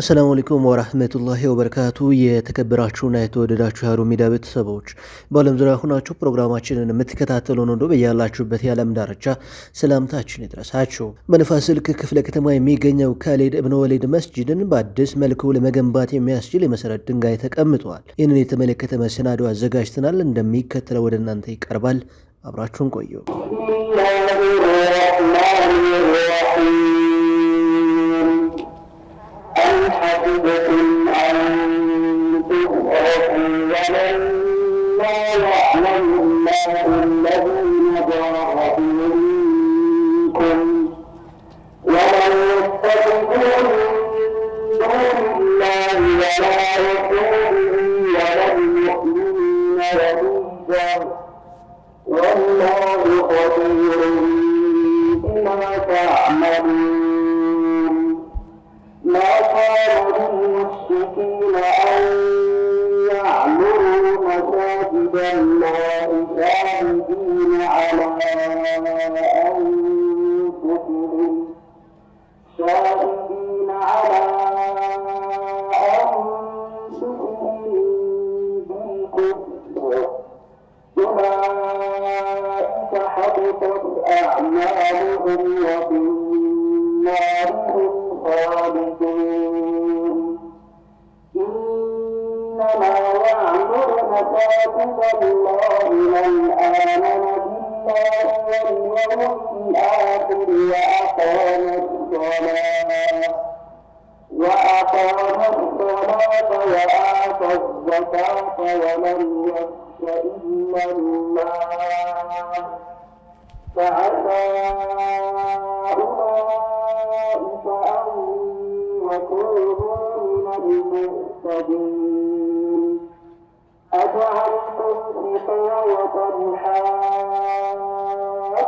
አሰላሙ አለይኩም ወራህመቱላሂ ወበረካቱ። የተከበራችሁና የተወደዳችሁ የሀሩን ሚዲያ ቤተሰቦች በዓለም ዙሪያ ሆናችሁ ፕሮግራማችንን የምትከታተሉ ነው እንዶ በያላችሁበት የዓለም ዳርቻ ሰላምታችን ይድረሳችሁ። በንፋስ ስልክ ክፍለ ከተማ የሚገኘው ከሌድ እብነ ወሊድ በአዲስ መልኩ ለመገንባት የሚያስችል የመሰረት ድንጋይ ተቀምጧል። ይህንን የተመለከተ መሰናዶ አዘጋጅተናል፣ እንደሚከተለው ወደ እናንተ ይቀርባል። አብራችሁን ቆዩ። توبة أن تغرق ولما يعلم الله الذين جاهدوا فعسى أولئك أن يكونوا من المهتدين أجعلتم سقاية الحاج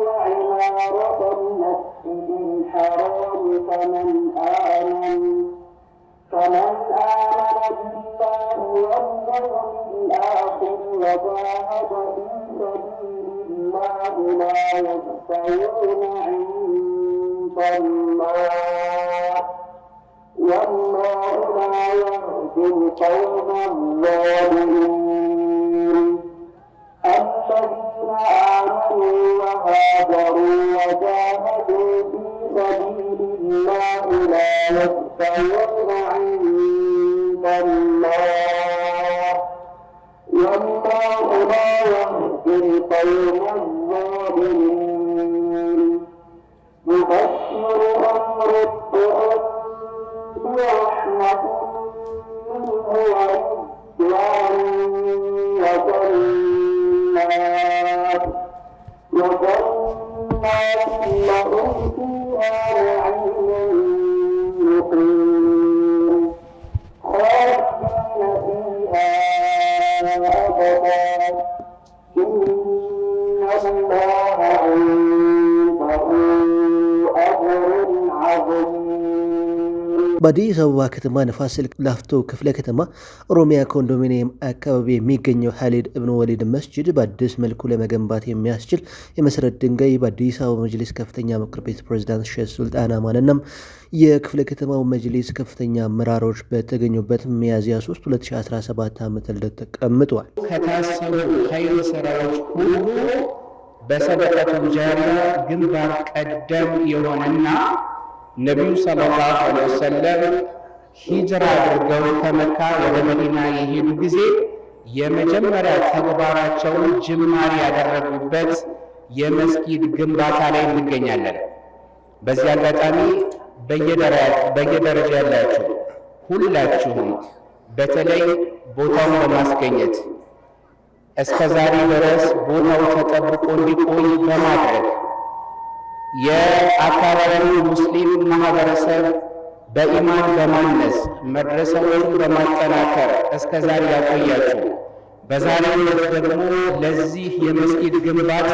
وعمارة المسجد الحرام فمن آمن فمن آمن بالله واليوم الآخر وجاهد في سبيل الله لا يستوون عند الله والله لا يهدي القوم الظالمين فيها أبدا إن الله በአዲስ አበባ ከተማ ንፋስ ላፍቶ ክፍለ ከተማ ኦሮሚያ ኮንዶሚኒየም አካባቢ የሚገኘው ሀሊድ እብን ወሊድ መስጅድ በአዲስ መልኩ ለመገንባት የሚያስችል የመሰረት ድንጋይ በአዲስ አበባ መጅሊስ ከፍተኛ ምክር ቤት ፕሬዚዳንት ሼህ ሱልጣን አማንናም የክፍለ ከተማው መጅሊስ ከፍተኛ አመራሮች በተገኙበት ሚያዝያ 3 2017 ዓ ም ተቀምጧል። ከታሰቡ ኸይር ስራዎች ሁሉ በሰደቀቱ ጃሪያ ግንባር ቀደም የሆነና ነቢዩ ሰለላሁ ዐለይሂ ወሰለም ሂጅራ አድርገው ከመካ ወደ መዲና የሄዱ ጊዜ የመጀመሪያ ተግባራቸውን ጅማሬ ያደረጉበት የመስጊድ ግንባታ ላይ እንገኛለን። በዚህ አጋጣሚ በየደረጃ ያላችሁ ሁላችሁም በተለይ ቦታውን በማስገኘት እስከ ዛሬ ድረስ ቦታው ተጠብቆ እንዲቆይ በማድረግ የአካባቢው ሙስሊም ማህበረሰብ በኢማን በማነስ መድረሳዎቹን በማጠናከር እስከ ዛሬ ያቆያችሁ። በዛሬው ዕለት ደግሞ ለዚህ የመስጊድ ግንባታ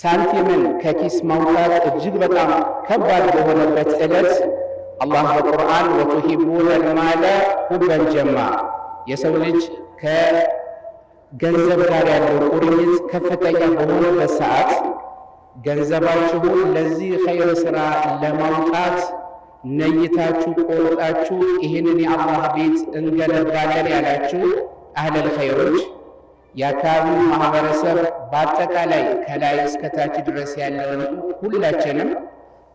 ሳንቲምን ከኪስ ማውጣት እጅግ በጣም ከባድ በሆነበት ዕለት አላህ በቁርአን ወቱሂቡነ ማለ ሁበን ጀማ የሰው ልጅ ከገንዘብ ጋር ያለው ቁርኝት ከፍተኛ በሆነበት ሰዓት ገንዘባችሁን ለዚህ ኸይር ሥራ ለማውጣት ነይታችሁ ቆርጣችሁ ይህንን የአላህ ቤት እንገነባለን ያላችሁ አህለል ኸይሮች የአካባቢው ማህበረሰብ በአጠቃላይ ከላይ እስከታች ድረስ ያለውን ሁላችንም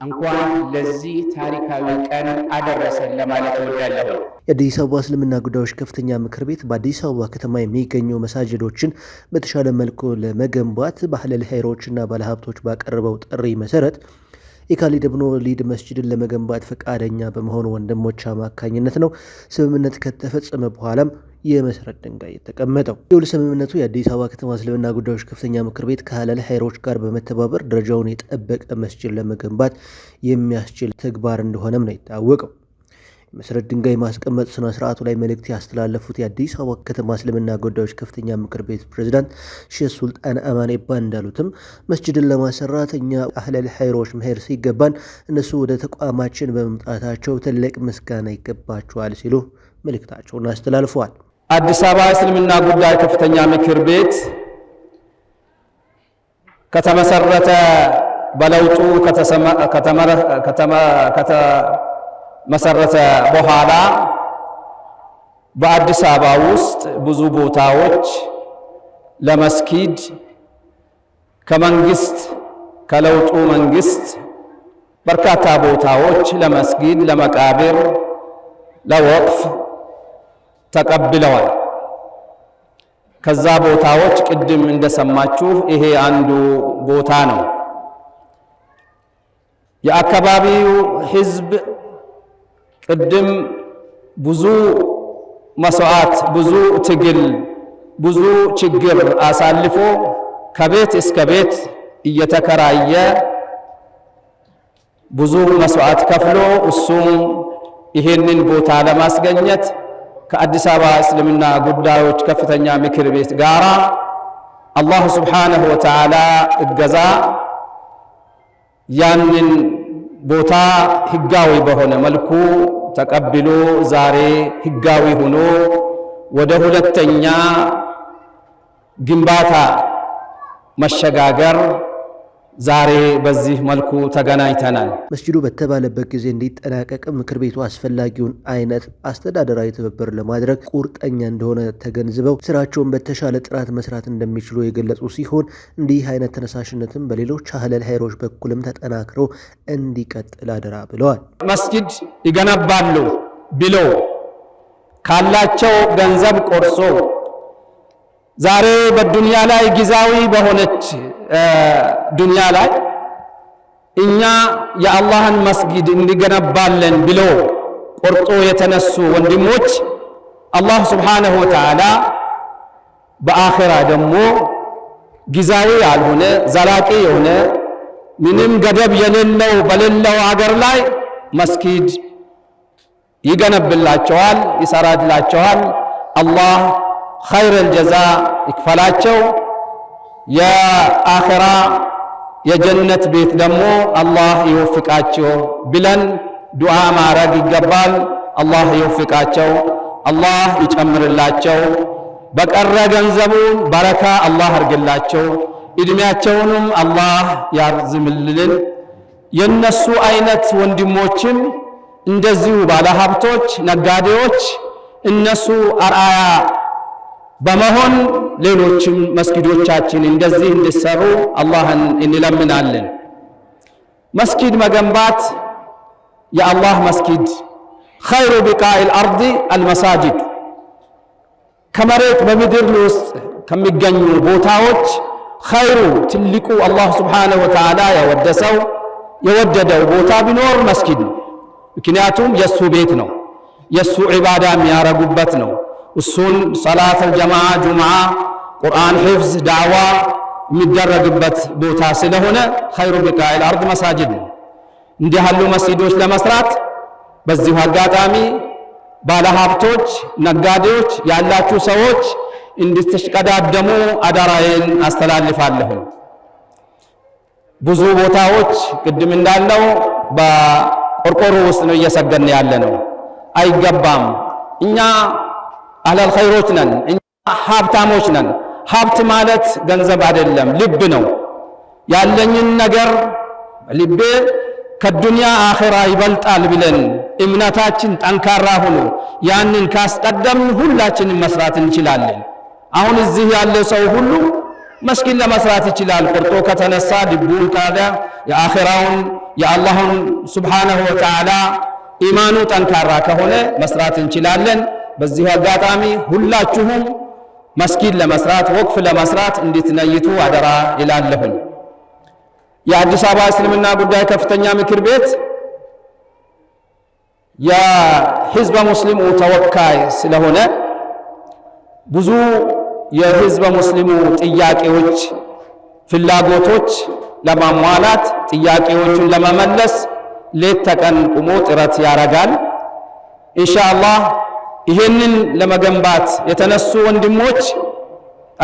እንኳን ለዚህ ታሪካዊ ቀን አደረሰን ለማለት እወዳለሁ። የአዲስ አበባ እስልምና ጉዳዮች ከፍተኛ ምክር ቤት በአዲስ አበባ ከተማ የሚገኙ መሳጅዶችን በተሻለ መልኩ ለመገንባት ባህለል ሀይሮችና ባለሀብቶች ባቀረበው ጥሪ መሰረት የካሊድ ኢብን ወሊድ መስጅድን ለመገንባት ፈቃደኛ በመሆኑ ወንድሞች አማካኝነት ነው። ስምምነት ከተፈጸመ በኋላም የመሰረት ድንጋይ የተቀመጠው። የውል ስምምነቱ የአዲስ አበባ ከተማ እስልምና ጉዳዮች ከፍተኛ ምክር ቤት ከሀላል ሀይሮች ጋር በመተባበር ደረጃውን የጠበቀ መስጅድ ለመገንባት የሚያስችል ተግባር እንደሆነም ነው የታወቀው። መሰረት ድንጋይ ማስቀመጥ ስነ ስርዓቱ ላይ መልእክት ያስተላለፉት የአዲስ አበባ ከተማ እስልምና ጉዳዮች ከፍተኛ ምክር ቤት ፕሬዚዳንት ሼህ ሱልጣን አማኔባ እንዳሉትም መስጅድን ለማሰራት እኛ አህለል ሀይሮች መሄድ ሲገባን እነሱ ወደ ተቋማችን በመምጣታቸው ትልቅ ምስጋና ይገባቸዋል ሲሉ መልእክታቸውን አስተላልፈዋል። አዲስ አበባ እስልምና ጉዳይ ከፍተኛ ምክር ቤት ከተመሰረተ በለውጡ ከተመሰረተ በኋላ በአዲስ አበባ ውስጥ ብዙ ቦታዎች ለመስጊድ ከመንግስት ከለውጡ መንግስት በርካታ ቦታዎች ለመስጊድ፣ ለመቃብር፣ ለወቅፍ ተቀብለዋል። ከዛ ቦታዎች ቅድም እንደሰማችሁ ይሄ አንዱ ቦታ ነው። የአካባቢው ሕዝብ ቅድም ብዙ መስዋዕት፣ ብዙ ትግል፣ ብዙ ችግር አሳልፎ ከቤት እስከ ቤት እየተከራየ ብዙ መስዋዕት ከፍሎ እሱም ይሄንን ቦታ ለማስገኘት ከአዲስ አበባ እስልምና ጉዳዮች ከፍተኛ ምክር ቤት ጋራ አላሁ ስብሓነሁ ወተዓላ እገዛ ያንን ቦታ ህጋዊ በሆነ መልኩ ተቀብሎ ዛሬ ህጋዊ ሆኖ ወደ ሁለተኛ ግንባታ መሸጋገር ዛሬ በዚህ መልኩ ተገናኝተናል። መስጂዱ በተባለበት ጊዜ እንዲጠናቀቅ ምክር ቤቱ አስፈላጊውን አይነት አስተዳደራዊ ትብብር ለማድረግ ቁርጠኛ እንደሆነ ተገንዝበው ስራቸውን በተሻለ ጥራት መስራት እንደሚችሉ የገለጹ ሲሆን እንዲህ አይነት ተነሳሽነትም በሌሎች አህለል ሀይሮች በኩልም ተጠናክሮ እንዲቀጥል አደራ ብለዋል። መስጂድ ይገነባሉ ብለው ካላቸው ገንዘብ ቆርሶ ዛሬ በዱንያ ላይ ጊዜያዊ በሆነች ዱንያ ላይ እኛ የአላህን መስጊድ እንገነባለን ብሎ ቆርጦ የተነሱ ወንድሞች አላህ ስብሓነሁ ወተዓላ በአኼራ ደግሞ ጊዜያዊ ያልሆነ ዘላቂ የሆነ ምንም ገደብ የሌለው በሌለው አገር ላይ መስጊድ ይገነብላቸዋል፣ ይሰራድላቸዋል አላህ ኸይረል ጀዛ ይክፈላቸው። የአኸራ የጀነት ቤት ደግሞ አላህ ይወፍቃቸው ብለን ዱዓ ማድረግ ይገባል። አላህ ይወፍቃቸው፣ አላህ ይጨምርላቸው፣ በቀረ ገንዘቡ በረካ አላህ አርግላቸው፣ እድሜያቸውንም አላህ ያርዝምልልን። የነሱ አይነት ወንድሞችም እንደዚሁ ባለሀብቶች፣ ነጋዴዎች እነሱ አርአያ በመሆን ሌሎችም መስጊዶቻችን እንደዚህ እንዲሰሩ አላህን እንለምናለን። መስጊድ መገንባት የአላህ መስጊድ ኸይሩ ቢቃኢል አርድ አልመሳጅድ ከመሬት በምድር ውስጥ ከሚገኙ ቦታዎች ኸይሩ ትልቁ አላህ ስብሓነሁ ወተዓላ ያወደሰው የወደደው ቦታ ቢኖር መስጊድ ነው። ምክንያቱም የእሱ ቤት ነው፣ የእሱ ዒባዳ የሚያረጉበት ነው። እሱን ሰላተል ጀማ ጁምዓ፣ ቁርአን ሕፍዝ፣ ዳዕዋ የሚደረግበት ቦታ ስለሆነ ኸይሩ ቢቃኢል አርድ መሳጅድ ነው። እንዲህ ያሉ መስጂዶች ለመስራት በዚሁ አጋጣሚ ባለሀብቶች፣ ነጋዴዎች ያላችሁ ሰዎች እንድትሽቀዳደሙ አደራዬን አስተላልፋለሁ። ብዙ ቦታዎች ቅድም እንዳለው በቆርቆሮ ውስጥ ነው እየሰገን ያለ ነው። አይገባም እኛ አህለል ኸይሮች ነን፣ እኛ ሀብታሞች ነን። ሀብት ማለት ገንዘብ አይደለም፣ ልብ ነው። ያለኝን ነገር ልቤ ከዱንያ አኺራ ይበልጣል ብለን እምነታችን ጠንካራ ሆኖ ያንን ካስቀደምን ሁላችንን መስራት እንችላለን። አሁን እዚህ ያለ ሰው ሁሉ መስጊድ ለመስራት ይችላል። ቆርጦ ከተነሳ ልቡን ካለ የአኺራውን የአላሁን ሱብሓነሁ ወተዓላ ኢማኑ ጠንካራ ከሆነ መስራት እንችላለን። በዚህ አጋጣሚ ሁላችሁም መስጊድ ለመስራት ወቅፍ ለመስራት እንድትነይቱ አደራ ይላለሁኝ። የአዲስ አበባ እስልምና ጉዳይ ከፍተኛ ምክር ቤት የህዝበ ሙስሊሙ ተወካይ ስለሆነ ብዙ የህዝበ ሙስሊሙ ጥያቄዎች፣ ፍላጎቶች ለማሟላት ጥያቄዎቹን ለመመለስ ሌት ተቀን ቁሞ ጥረት ያደርጋል ኢንሻአላህ ይሄንን ለመገንባት የተነሱ ወንድሞች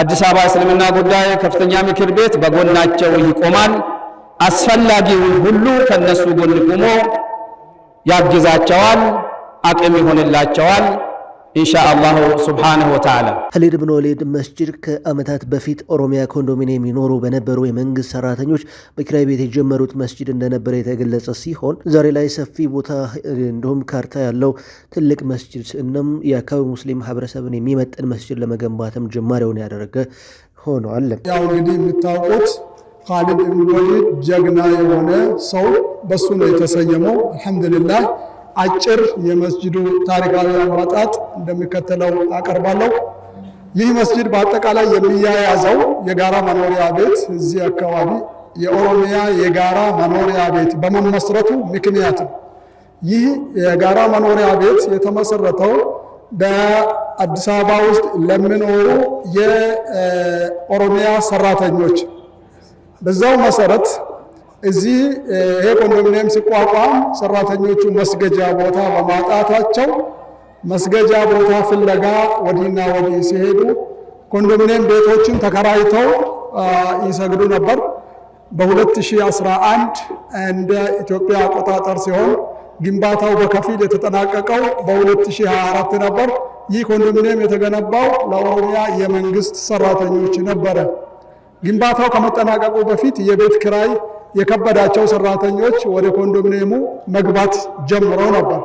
አዲስ አበባ እስልምና ጉዳይ ከፍተኛ ምክር ቤት በጎናቸው ይቆማል። አስፈላጊውን ሁሉ ከነሱ ጎን ቆሞ ያግዛቸዋል፣ አቅም ይሆንላቸዋል። ኢንሻአላሁ አላሁ ስብሓንሁ ወተዓላ። ኸሊድ ብን ወሊድ መስጅድ ከዓመታት በፊት ኦሮሚያ ኮንዶሚኒየም የሚኖሩ በነበሩ የመንግስት ሰራተኞች በኪራይ ቤት የጀመሩት መስጅድ እንደነበረ የተገለጸ ሲሆን ዛሬ ላይ ሰፊ ቦታ እንዲሁም ካርታ ያለው ትልቅ መስጅድ እናም የአካባቢ ሙስሊም ማህበረሰብን የሚመጥን መስጅድ ለመገንባትም ጅማሬውን ያደረገ ሆኗል። ያው እንግዲህ የምታውቁት ሀሊድ ብን ወሊድ ጀግና የሆነ ሰው በሱ ነው የተሰየመው። አልሐምዱሊላህ አጭር የመስጅዱ ታሪካዊ አወጣጥ እንደሚከተለው አቀርባለሁ። ይህ መስጅድ በአጠቃላይ የሚያያዘው የጋራ መኖሪያ ቤት እዚህ አካባቢ የኦሮሚያ የጋራ መኖሪያ ቤት በመመስረቱ ምክንያት ነው። ይህ የጋራ መኖሪያ ቤት የተመሰረተው በአዲስ አበባ ውስጥ ለሚኖሩ የኦሮሚያ ሰራተኞች በዛው መሰረት እዚህ ይሄ ኮንዶሚኒየም ሲቋቋም ሰራተኞቹ መስገጃ ቦታ በማጣታቸው መስገጃ ቦታ ፍለጋ ወዲህና ወዲህ ሲሄዱ ኮንዶሚኒየም ቤቶችን ተከራይተው ይሰግዱ ነበር። በ2011 እንደ ኢትዮጵያ አቆጣጠር ሲሆን ግንባታው በከፊል የተጠናቀቀው በ2024 ነበር። ይህ ኮንዶሚኒየም የተገነባው ለኦሮሚያ የመንግስት ሰራተኞች ነበረ። ግንባታው ከመጠናቀቁ በፊት የቤት ክራይ የከበዳቸው ሰራተኞች ወደ ኮንዶሚኒየሙ መግባት ጀምረው ነበር።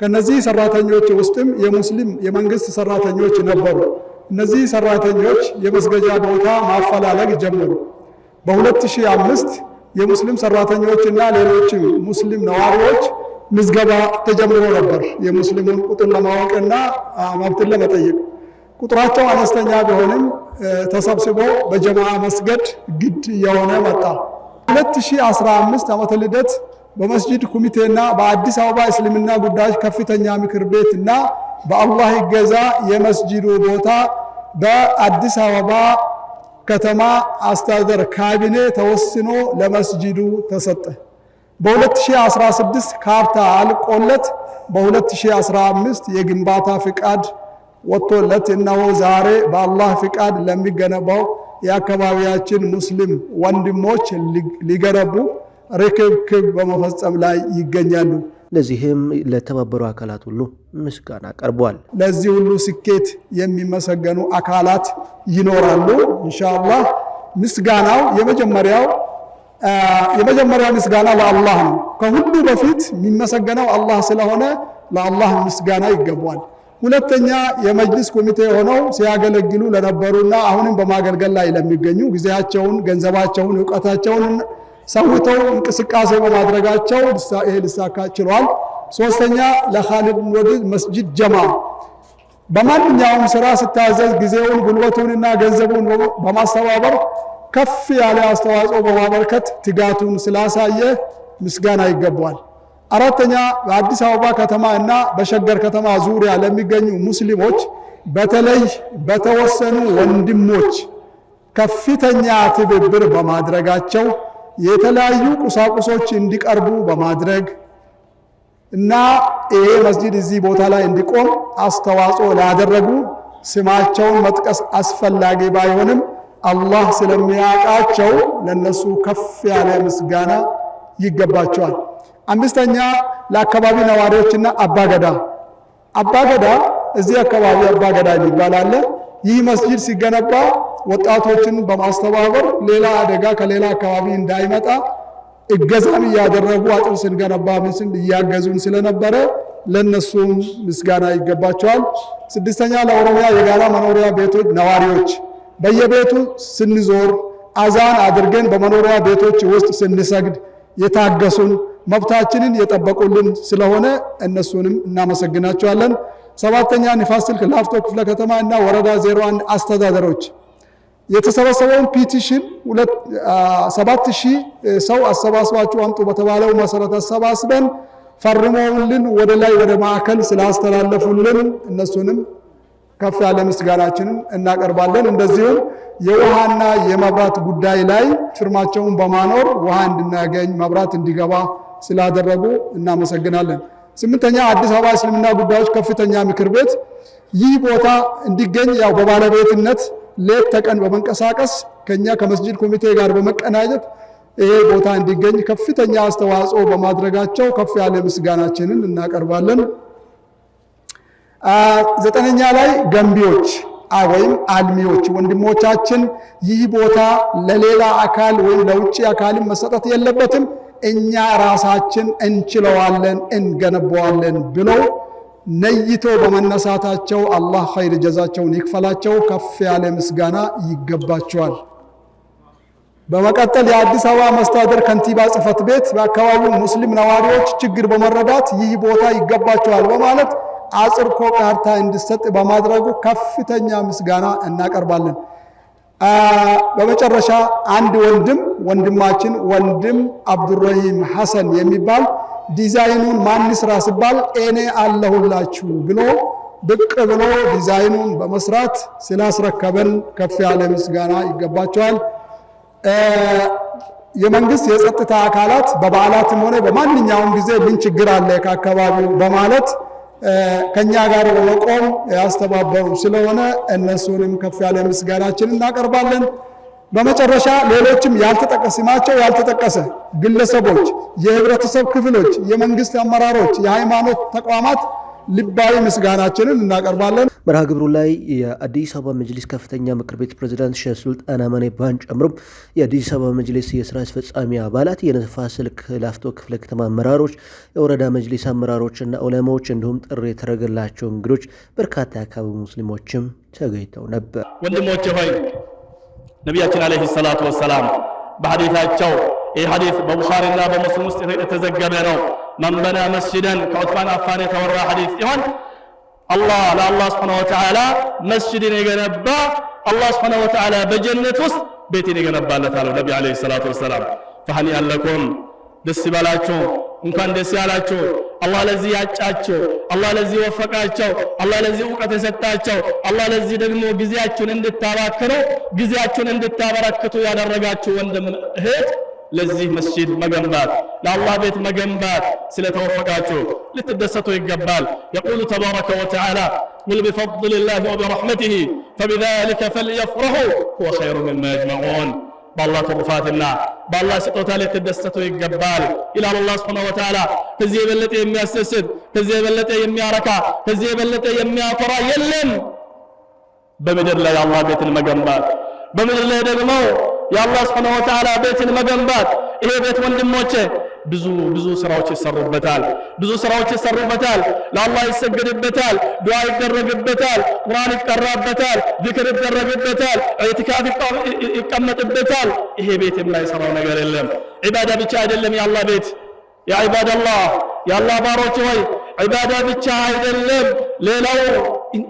ከነዚህ ሰራተኞች ውስጥም የሙስሊም የመንግስት ሰራተኞች ነበሩ። እነዚህ ሰራተኞች የመስገጃ ቦታ ማፈላለግ ጀመሩ። በ2005 የሙስሊም ሰራተኞችና ሌሎች ሙስሊም ነዋሪዎች ምዝገባ ተጀምሮ ነበር። የሙስሊሙን ቁጥር ለማወቅና መብትን ለመጠየቅ ቁጥራቸው አነስተኛ ቢሆንም ተሰብስቦ በጀማ መስገድ ግድ የሆነ መጣ። 2015 ዓመተ ልደት በመስጂድ ኮሚቴና በአዲስ አበባ እስልምና ጉዳዮች ከፍተኛ ምክር ቤት እና በአላህ ይገዛ የመስጂዱ ቦታ በአዲስ አበባ ከተማ አስተዳደር ካቢኔ ተወስኖ ለመስጂዱ ተሰጠ። በ2016 ካርታ አልቆለት በ2015 የግንባታ ፍቃድ ወጥቶለት እነሆ ዛሬ በአላህ ፍቃድ ለሚገነባው የአካባቢያችን ሙስሊም ወንድሞች ሊገረቡ ርክብክብ በመፈጸም ላይ ይገኛሉ። ለዚህም ለተባበሩ አካላት ሁሉ ምስጋና ቀርቧል። ለዚህ ሁሉ ስኬት የሚመሰገኑ አካላት ይኖራሉ። ኢንሻአላህ ምስጋናው የመጀመሪያው የመጀመሪያ ምስጋና ለአላህ ነው። ከሁሉ በፊት የሚመሰገነው አላህ ስለሆነ ለአላህ ምስጋና ይገባዋል። ሁለተኛ የመጅልስ ኮሚቴ ሆነው ሲያገለግሉ ለነበሩና አሁንም በማገልገል ላይ ለሚገኙ ጊዜያቸውን፣ ገንዘባቸውን፣ እውቀታቸውን ሰውተው እንቅስቃሴ በማድረጋቸው ይሄ ሊሳካ ችሏል። ሶስተኛ ለኻሊድ ወሊድ መስጂድ ጀማ በማንኛውም ስራ ስታዘዝ ጊዜውን ጉልበቱንና ገንዘቡን በማስተባበር ከፍ ያለ አስተዋጽኦ በማበርከት ትጋቱን ስላሳየ ምስጋና ይገባዋል። አራተኛ በአዲስ አበባ ከተማ እና በሸገር ከተማ ዙሪያ ለሚገኙ ሙስሊሞች በተለይ በተወሰኑ ወንድሞች ከፍተኛ ትብብር በማድረጋቸው የተለያዩ ቁሳቁሶች እንዲቀርቡ በማድረግ እና ይሄ መስጂድ እዚህ ቦታ ላይ እንዲቆም አስተዋጽኦ ላደረጉ ስማቸውን መጥቀስ አስፈላጊ ባይሆንም አላህ ስለሚያውቃቸው ለነሱ ከፍ ያለ ምስጋና ይገባቸዋል። አምስተኛ ለአካባቢ ነዋሪዎችና አባገዳ አባገዳ እዚህ አካባቢ አባገዳ የሚባል አለ። ይህ መስጂድ ሲገነባ ወጣቶችን በማስተባበር ሌላ አደጋ ከሌላ አካባቢ እንዳይመጣ እገዛም እያደረጉ አጥር ስንገነባ ምስል እያገዙን ስለነበረ ለእነሱም ምስጋና ይገባቸዋል። ስድስተኛ ለኦሮሚያ የጋራ መኖሪያ ቤቶች ነዋሪዎች በየቤቱ ስንዞር አዛን አድርገን በመኖሪያ ቤቶች ውስጥ ስንሰግድ የታገሱን መብታችንን የጠበቁልን ስለሆነ እነሱንም እናመሰግናቸዋለን። ሰባተኛ ንፋስ ስልክ ላፍቶ ክፍለ ከተማ እና ወረዳ 01 አስተዳደሮች የተሰበሰበውን ፒቲሽን 7000 ሰው አሰባስባችሁ አምጡ በተባለው መሰረት አሰባስበን ፈርመውልን ወደ ላይ ወደ ማዕከል ስላስተላለፉልን እነሱንም ከፍ ያለ ምስጋናችንን እናቀርባለን። እንደዚሁም የውሃና የመብራት ጉዳይ ላይ ፊርማቸውን በማኖር ውሃ እንድናገኝ መብራት እንዲገባ ስላደረጉ እናመሰግናለን። ስምንተኛ አዲስ አበባ እስልምና ጉዳዮች ከፍተኛ ምክር ቤት ይህ ቦታ እንዲገኝ ያው በባለቤትነት ሌት ተቀን በመንቀሳቀስ ከኛ ከመስጅድ ኮሚቴ ጋር በመቀናጀት ይሄ ቦታ እንዲገኝ ከፍተኛ አስተዋጽኦ በማድረጋቸው ከፍ ያለ ምስጋናችንን እናቀርባለን። ዘጠነኛ ላይ ገንቢዎች ወይም አልሚዎች ወንድሞቻችን ይህ ቦታ ለሌላ አካል ወይም ለውጭ አካልም መሰጠት የለበትም እኛ ራሳችን እንችለዋለን፣ እንገነበዋለን ብለው ነይቶ በመነሳታቸው አላህ ኸይር ጀዛቸውን ይክፈላቸው። ከፍ ያለ ምስጋና ይገባቸዋል። በመቀጠል የአዲስ አበባ መስተዳደር ከንቲባ ጽህፈት ቤት በአካባቢው ሙስሊም ነዋሪዎች ችግር በመረዳት ይህ ቦታ ይገባቸዋል በማለት አጽርኮ ካርታ እንዲሰጥ በማድረጉ ከፍተኛ ምስጋና እናቀርባለን። በመጨረሻ አንድ ወንድም ወንድማችን ወንድም አብዱራሂም ሐሰን የሚባል ዲዛይኑን ማን ስራ ሲባል እኔ አለሁላችሁ ብሎ ብቅ ብሎ ዲዛይኑን በመስራት ስላስረከበን ከፍ ያለ ምስጋና ይገባቸዋል። የመንግስት የጸጥታ አካላት በበዓላትም ሆነ በማንኛውም ጊዜ ምን ችግር አለ ከአካባቢው በማለት ከኛ ጋር በመቆም ያስተባበሩ ስለሆነ እነሱንም ከፍ ያለ ምስጋናችን እናቀርባለን። በመጨረሻ ሌሎችም ያልተጠቀሰ ስማቸው ያልተጠቀሰ ግለሰቦች፣ የህብረተሰብ ክፍሎች፣ የመንግስት አመራሮች፣ የሃይማኖት ተቋማት ልባዊ ምስጋናችንን እናቀርባለን። መርሃ ግብሩ ላይ የአዲስ አበባ መጅሊስ ከፍተኛ ምክር ቤት ፕሬዚዳንት ሼህ ሱልጣን አማኔ ባን ጨምሮ የአዲስ አበባ መጅሊስ የስራ አስፈጻሚ አባላት፣ የነፋ ስልክ ላፍቶ ክፍለ ከተማ አመራሮች፣ የወረዳ መጅሊስ አመራሮችና ዑለማዎች እንዲሁም ጥሪ የተደረገላቸው እንግዶች በርካታ የአካባቢ ሙስሊሞችም ተገኝተው ነበር። ወንድሞቼ ሆይ ነቢያችን አለይሂ ሰላቱ ወሰላም በሐዲታቸው ይህ ሐዲስ በቡኻሪና በሙስሊም ውስጥ የተዘገበ ነው። መንበና መስጅደን ከዑትማን አፋን የተወራ ሐዲስ ሲሆን አላህ ለአላህ ስብሓነ ወተዓላ መስጅድን የገነባ አላህ ስብሓነ ወተዓላ በጀነት ውስጥ ቤትን የገነባለት አለው ነቢ ዓለይሂ ሰላቱ ወሰላም። ፈሀኒአን ለኩም ደስ ይበላችሁ እንኳን ደስ ያላችሁ። አላህ ለዚህ ያጫቸው፣ አላህ ለዚህ ወፈቃቸው፣ አላህ ለዚህ እውቀት የሰጣቸው፣ አላህ ለዚህ ደግሞ ጊዜያችሁን እንድታባክኑ ጊዜያችሁን እንድታበረክቱ ያደረጋችሁ ወንድም እህት ለዚህ መስጂድ መገንባት ለአላህ ቤት መገንባት ስለተወፈቃችሁ ልትደሰቱ ይገባል። የቁሉ ተባረከ ወተዓላ قل بفضل الله وبرحمته فبذلك فليفرحوا هو خير مما يجمعون በአላህ ትሩፋትና በአላህ ስጦታ ልትደሰተው ይገባል ይላል አላህ ሱብሓነሁ ወተዓላ። ከዚህ የበለጠ የሚያስደስት፣ ከዚህ የበለጠ የሚያረካ፣ ከዚህ የበለጠ የሚያኮራ የለም። በምድር ላይ የአላህ ቤትን መገንባት፣ በምድር ላይ ደግሞ የአላህ ሱብሓነሁ ወተዓላ ቤትን መገንባት። ይሄ ቤት ወንድሞቼ ብዙ ብዙ ስራዎች ይሰሩበታል። ብዙ ስራዎች ይሰሩበታል። ለአላህ ይሰገድበታል ዱዓ ይደረግበታል፣ ቁርአን ይቀራበታል፣ ዝክር ይደረግበታል፣ ኢዕቲካፍ ይቀመጥበታል። ይሄ ቤት የማይሰራው ነገር የለም። ዒባዳ ብቻ አይደለም የአላህ ቤት። ያ ዒባደላህ የአላህ ባሮች ሆይ ዒባዳ ብቻ አይደለም። ሌላው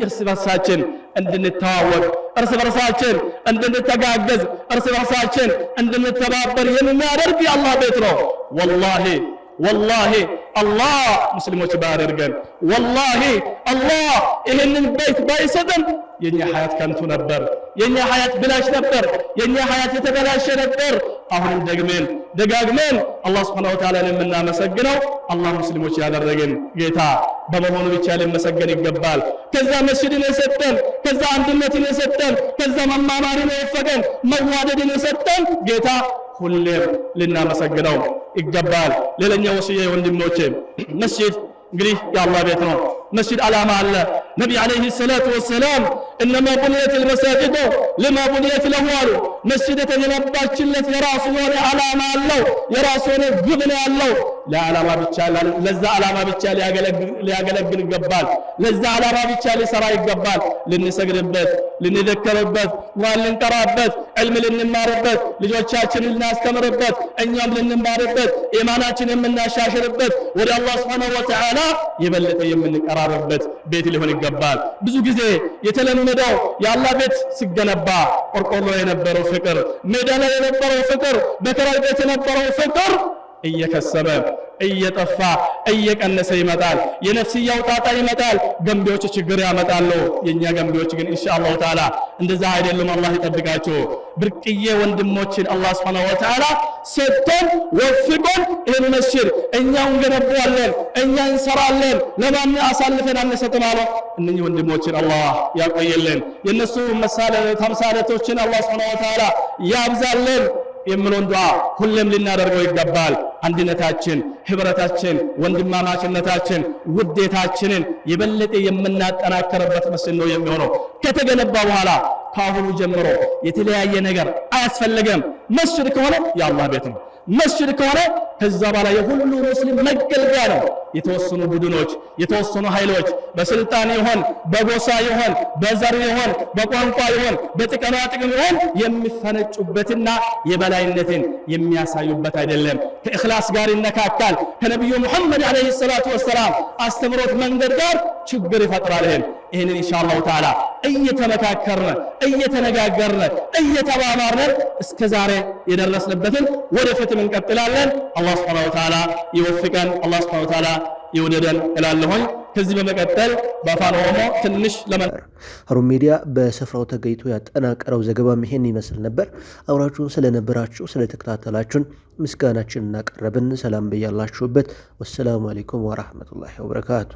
እርስ በርሳችን እንድንተዋወቅ እርስ በርሳችን እንድንተጋገዝ እርስ በርሳችን እንድንተባበር የሚያደርግ የአላህ ቤት ነው። ወላሂ ወላሂ አላህ ሙስሊሞች ባያደርገን፣ ወላሂ አላህ ይህንን ቤት ባይሰጠን የኛ ሀያት ከንቱ ነበር፣ የኛ ሀያት ብላሽ ነበር፣ የኛ ሀያት የተበላሸ ነበር። አሁንም ደግሜን ደጋግመን አላህ Subhanahu Wa Ta'ala የምናመሰግነው አላህ ሙስሊሞች ያደረገን ጌታ በመሆኑ ብቻ ልንመሰገን ይገባል። ከዛ መስጂድን የሰጠን፣ ከዛ አንድነትን የሰጠን፣ ከዛ መማማርን የወፈቀን፣ መዋደድን የሰጠን ጌታ ሁሌም ልናመሰግነው ይገባል። ሌላኛው ወስዬ ወንድሞቼ መስጂድ እንግዲህ የአላህ ቤት ነው። መስጂድ ዓላማ አለ። ነቢ ዓለይህ ሰላቱ ወሰላም እነማ ቡንየት ልመሳጅዶ ልማ ቡንየት ለሁ አሉ። መስጅድ የተገነባችለት የራሱ የሆነ ዓላማ አለው፣ የራሱ የሆነ ግብ ነው ያለው። ለዓላማ ብቻ ለዛ ዓላማ ብቻ ሊያገለግል ይገባል። ለዛ ዓላማ ብቻ ሊሰራ ይገባል። ልንሰግድበት፣ ልንዘከርበት፣ ቁርአን ልንቀራበት ዕልም ልንማርበት፣ ልጆቻችንን ልናስተምርበት፣ እኛም ልንማርበት፣ ኢማናችን የምናሻሽርበት፣ ወደ አላህ ስብሐነሁ ወተዓላ የበለጠ የምንቀራረብበት ቤት ሊሆን ይገባል። ብዙ ጊዜ የተለመደው የአላህ ቤት ሲገነባ ቆርቆሮ የነበረው ፍቅር፣ ሜዳ ላይ የነበረው ፍቅር፣ በከራይ ቤት የነበረው ፍቅር እየከሰመ እየጠፋ እየቀነሰ ይመጣል። የነፍስያው ጣጣ ይመጣል። ገንቢዎች ችግር ያመጣሉ። የኛ ገንቢዎች ግን ኢንሻአላሁ ተዓላ እንደዛ አይደለም አላህ ይጠብቃቸው። ብርቅዬ ወንድሞችን አላህ ሱብሓነሁ ወተዓላ ሰጥቶን ወፍቆን ይህን መስጂድ እኛ እንገነባለን፣ እኛ እንሰራለን፣ ለማን አሳልፈን አንሰጥም አለ። እነኚህ ወንድሞችን አላህ ያቆየልን፣ የነሱ ተምሳሌቶችን አላህ ሱብሓነሁ ወተዓላ ያብዛልን። የምለውን ዱዓ ሁሌም ልናደርገው ይገባል። አንድነታችን፣ ህብረታችን፣ ወንድማማችነታችን፣ ውዴታችንን የበለጠ የምናጠናከርበት ምስል ነው የሚሆነው። ከተገነባ በኋላ ከአሁኑ ጀምሮ የተለያየ ነገር አያስፈልገም። መስጅድ ከሆነ የአላህ ቤት ነው። መስጅድ ከሆነ ከዛ በኋላ የሁሉ ሙስሊም መገልገያ ነው። የተወሰኑ ቡድኖች፣ የተወሰኑ ኃይሎች በስልጣን ይሆን፣ በጎሳ ይሆን፣ በዘር ይሆን፣ በቋንቋ ይሆን፣ በጥቅማ ጥቅም ይሆን የሚፈነጩበትና የበላይነትን የሚያሳዩበት አይደለም። ከእኽላስ ጋር ይነካካል። ከነቢዩ ሙሐመድ ዓለይሂ ሰላቱ ወሰላም አስተምሮት መንገድ ጋር ችግር ይፈጥራል። ይህም ይህንን ኢንሻአላሁ ተዓላ እየተመካከርነ እየተነጋገርነ እየተባባርነ እስከ ዛሬ የደረስንበትን ወደፊትም እንቀጥላለን። አላህ ሱብሓነሁ ወተዓላ ይወፍቀን፣ አላህ ሱብሓነሁ ወተዓላ ይውደደን እላለሁኝ። ከዚህ በመቀጠል በአፋን ኦሮሞ ትንሽ ሀሩን ሚዲያ በስፍራው ተገኝቶ ያጠናቀረው ዘገባ ይሄን ይመስል ነበር። አብራችሁን ስለነበራችሁ ስለተከታተላችሁን ምስጋናችን እናቀረብን። ሰላም በያላችሁበት። ወሰላሙ አሌይኩም ወራህመቱላሂ ወበረካቱ።